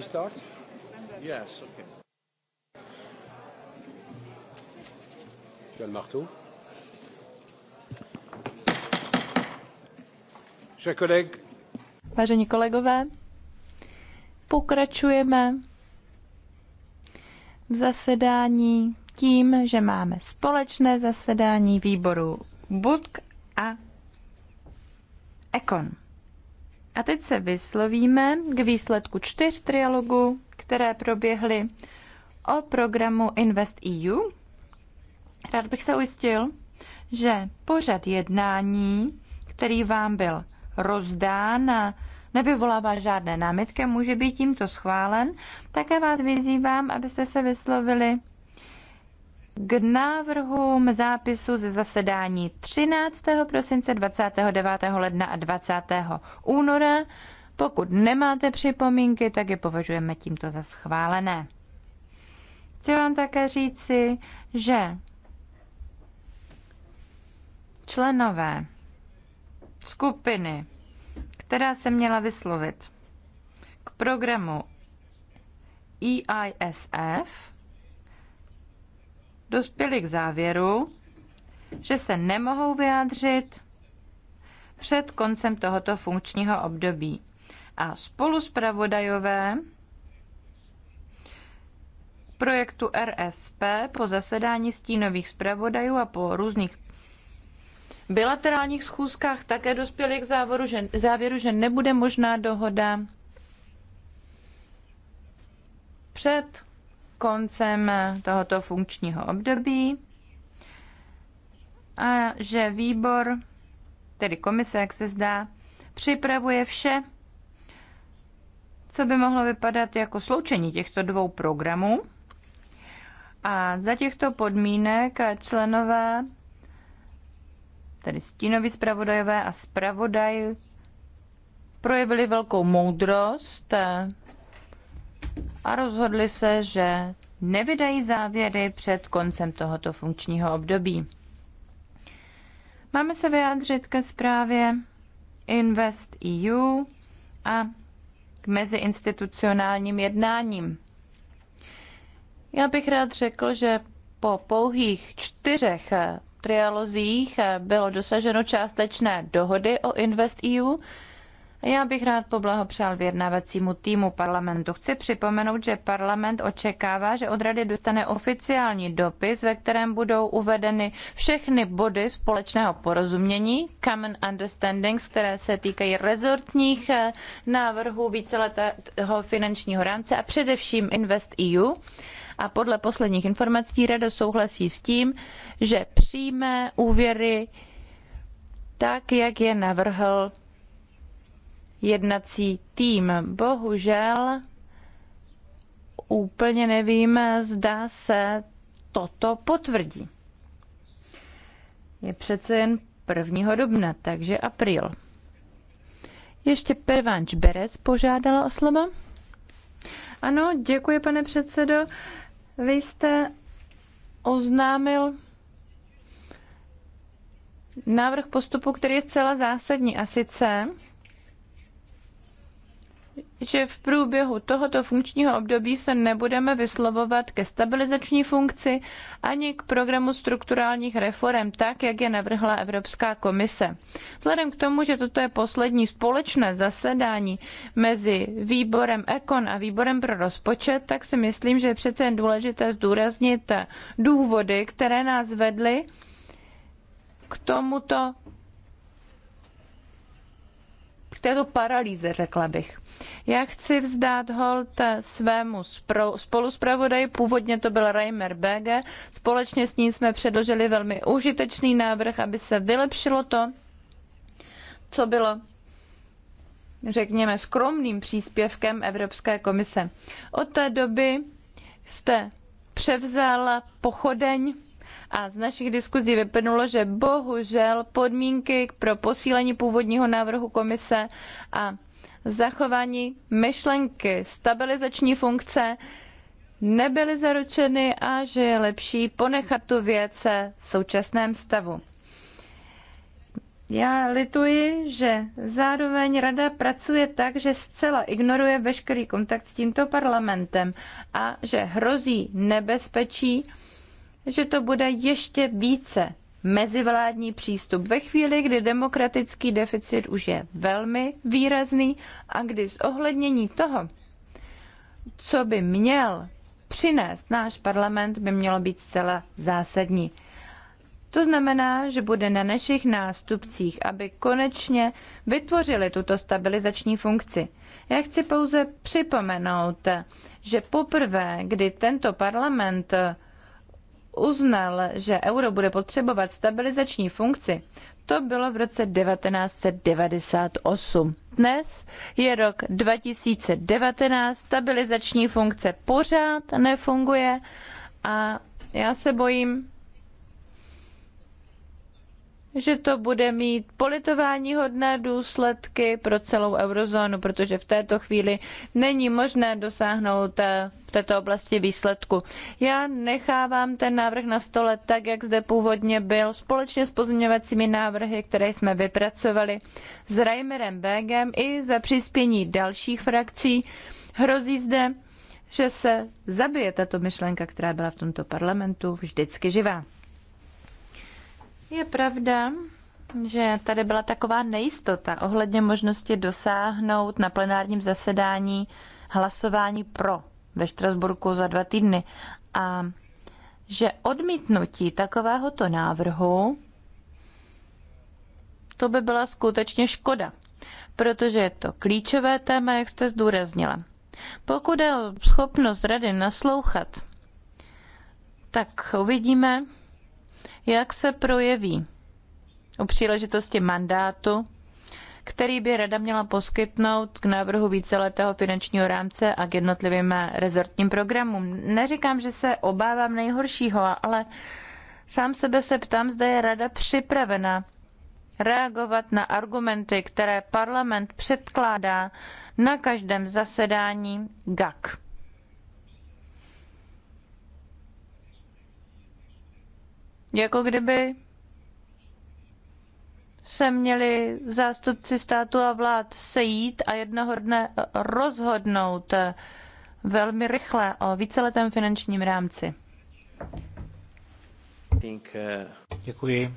We start? Yes, okay. Tu marteau Chers collègues. Vážení kolegové, pokračujeme v zasedání tím, že máme společné zasedání výboru BUDK a Ekon. A teď se vyslovíme k výsledku čtyř trialogů, které proběhly o programu Invest EU. Rád bych se ujistil, že pořad jednání, který vám byl rozdán a nevyvolává žádné námitky, může být tímto schválen. Také vás vyzývám, abyste se vyslovili k návrhům zápisu ze zasedání 13. prosince, 29. ledna a 20. února. Pokud nemáte připomínky, tak je považujeme tímto za schválené. Chci vám také říci, že členové skupiny, která se měla vyslovit k programu EISF, dospěli k závěru, že se nemohou vyjádřit před koncem tohoto funkčního období. A spolu zpravodajové projektu RSP po zasedání stínových zpravodajů a po různých bilaterálních schůzkách také dospěli k závoru, že, závěru, že nebude možná dohoda před koncem tohoto funkčního období a že výbor, tedy komise, jak se zdá, připravuje vše, co by mohlo vypadat jako sloučení těchto dvou programů. A za těchto podmínek členové, tedy stínoví zpravodajové a zpravodaj, projevili velkou moudrost a rozhodli se, že nevydají závěry před koncem tohoto funkčního období. Máme se vyjádřit ke zprávě Invest EU a k meziinstitucionálním jednáním. Já bych rád řekl, že po pouhých čtyřech trialozích bylo dosaženo částečné dohody o Invest EU, já bych rád poblahopřál vyjednávacímu týmu parlamentu. Chci připomenout, že parlament očekává, že od rady dostane oficiální dopis, ve kterém budou uvedeny všechny body společného porozumění, common understandings, které se týkají rezortních eh, návrhů víceletého finančního rámce a především Invest EU a podle posledních informací Rada souhlasí s tím, že přijme úvěry tak, jak je navrhl jednací tým. Bohužel úplně nevím, zda se toto potvrdí. Je přece jen 1. dubna, takže apríl. Ještě Pervanč Beres požádala o slovo. Ano, děkuji, pane předsedo. Vy jste oznámil návrh postupu, který je zcela zásadní, a sice že v průběhu tohoto funkčního období se nebudeme vyslovovat ke stabilizační funkci ani k programu strukturálních reform, tak jak je navrhla Evropská komise. Vzhledem k tomu, že toto je poslední společné zasedání mezi výborem Ekon a výborem pro rozpočet, tak si myslím, že je přece jen důležité zdůraznit důvody, které nás vedly k tomuto této paralýze, řekla bych. Já chci vzdát hold svému spoluspravodaji, původně to byl Reimer BG, společně s ním jsme předložili velmi užitečný návrh, aby se vylepšilo to, co bylo řekněme, skromným příspěvkem Evropské komise. Od té doby jste převzala pochodeň a z našich diskuzí vyplynulo, že bohužel podmínky pro posílení původního návrhu komise a zachování myšlenky stabilizační funkce nebyly zaručeny a že je lepší ponechat tu věc v současném stavu. Já lituji, že zároveň rada pracuje tak, že zcela ignoruje veškerý kontakt s tímto parlamentem a že hrozí nebezpečí, že to bude ještě více mezivládní přístup ve chvíli, kdy demokratický deficit už je velmi výrazný a kdy ohlednění toho, co by měl přinést náš parlament, by mělo být zcela zásadní. To znamená, že bude na našich nástupcích, aby konečně vytvořili tuto stabilizační funkci. Já chci pouze připomenout, že poprvé, kdy tento parlament uznal, že euro bude potřebovat stabilizační funkci, to bylo v roce 1998. Dnes je rok 2019, stabilizační funkce pořád nefunguje a já se bojím, že to bude mít politováníhodné důsledky pro celou eurozónu, protože v této chvíli není možné dosáhnout eh, v této oblasti výsledku. Já nechávám ten návrh na stole tak, jak zde původně byl, společně s pozměňovacími návrhy, které jsme vypracovali s Reimerem Begem i za přispění dalších frakcí. Hrozí zde, že se zabije tato myšlenka, která byla v tomto parlamentu vždycky živá. Je pravda, že tady byla taková nejistota ohledně možnosti dosáhnout na plenárním zasedání hlasování pro ve Štrasburku za dva týdny a že odmítnutí takovéhoto návrhu to by byla skutečně škoda, protože je to klíčové téma, jak jste zdůraznila. Pokud je o schopnost rady naslouchat, tak uvidíme, jak se projeví u příležitosti mandátu, který by Rada měla poskytnout k návrhu víceletého finančního rámce a k jednotlivým rezortním programům. Neříkám, že se obávám nejhoršího, ale sám sebe se ptám, zda je Rada připravena reagovat na argumenty, které parlament předkládá na každém zasedání GAK. Jako kdyby se měli zástupci státu a vlád sejít a jednoho dne rozhodnout velmi rychle o víceletém finančním rámci. Eh. Děkuji.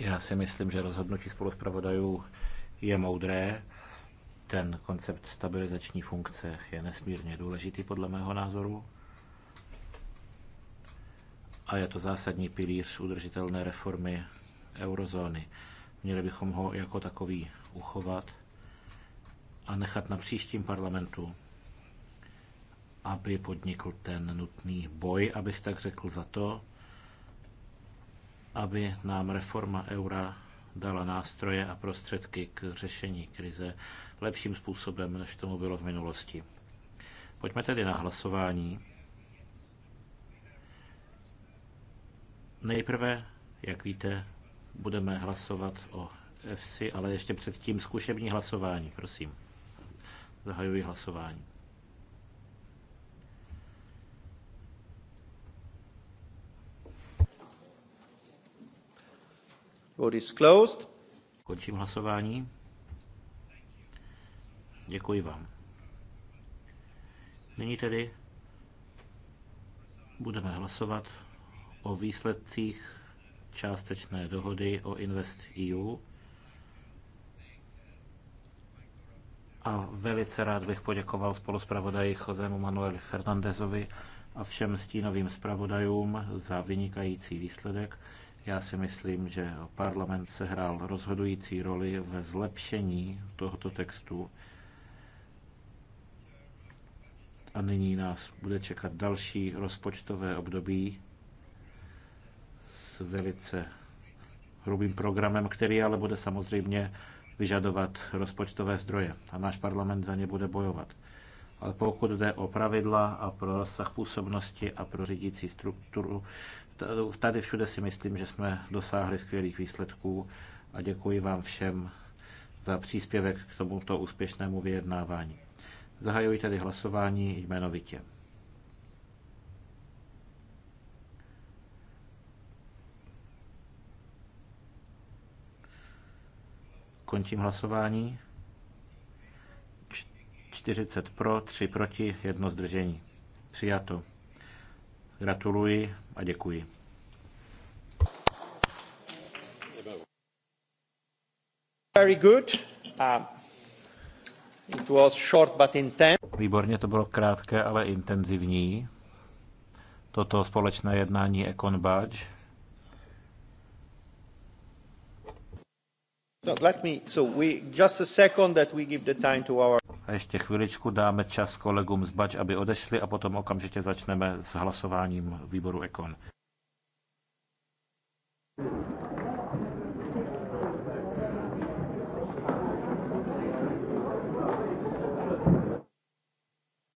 Já si myslím, že rozhodnutí spoluzpravodajů je moudré. Ten koncept stabilizační funkce je nesmírně důležitý podle mého názoru a je to zásadní pilíř udržitelné reformy eurozóny. Měli bychom ho jako takový uchovat a nechat na příštím parlamentu, aby podnikl ten nutný boj, abych tak řekl, za to, aby nám reforma eura dala nástroje a prostředky k řešení krize lepším způsobem, než tomu bylo v minulosti. Pojďme tedy na hlasování. Nejprve, jak víte, budeme hlasovat o EFSI, ale ještě předtím zkušební hlasování, prosím. Zahajuji hlasování. Vote is closed. Končím hlasování. Děkuji vám. Nyní tedy budeme hlasovat o výsledcích částečné dohody o Invest EU. A velice rád bych poděkoval spoluspravodaji Josemu Manueli Fernandezovi a všem stínovým zpravodajům za vynikající výsledek. Já si myslím, že parlament sehrál rozhodující roli ve zlepšení tohoto textu. A nyní nás bude čekat další rozpočtové období velice hrubým programem, který ale bude samozřejmě vyžadovat rozpočtové zdroje a náš parlament za ně bude bojovat. Ale pokud jde o pravidla a pro rozsah působnosti a pro řídící strukturu, tady všude si myslím, že jsme dosáhli skvělých výsledků a děkuji vám všem za příspěvek k tomuto úspěšnému vyjednávání. Zahajuji tedy hlasování jmenovitě. Končím hlasování. 40 pro, 3 proti, 1 zdržení. Přijato. Gratuluji a děkuji. Very good. Uh, it was short but intense. Výborně to bylo krátké, ale intenzivní. Toto společné jednání Econ Badge. a A ještě chviličku dáme čas kolegům z Bač, aby odešli a potom okamžitě začneme s hlasováním výboru Ekon.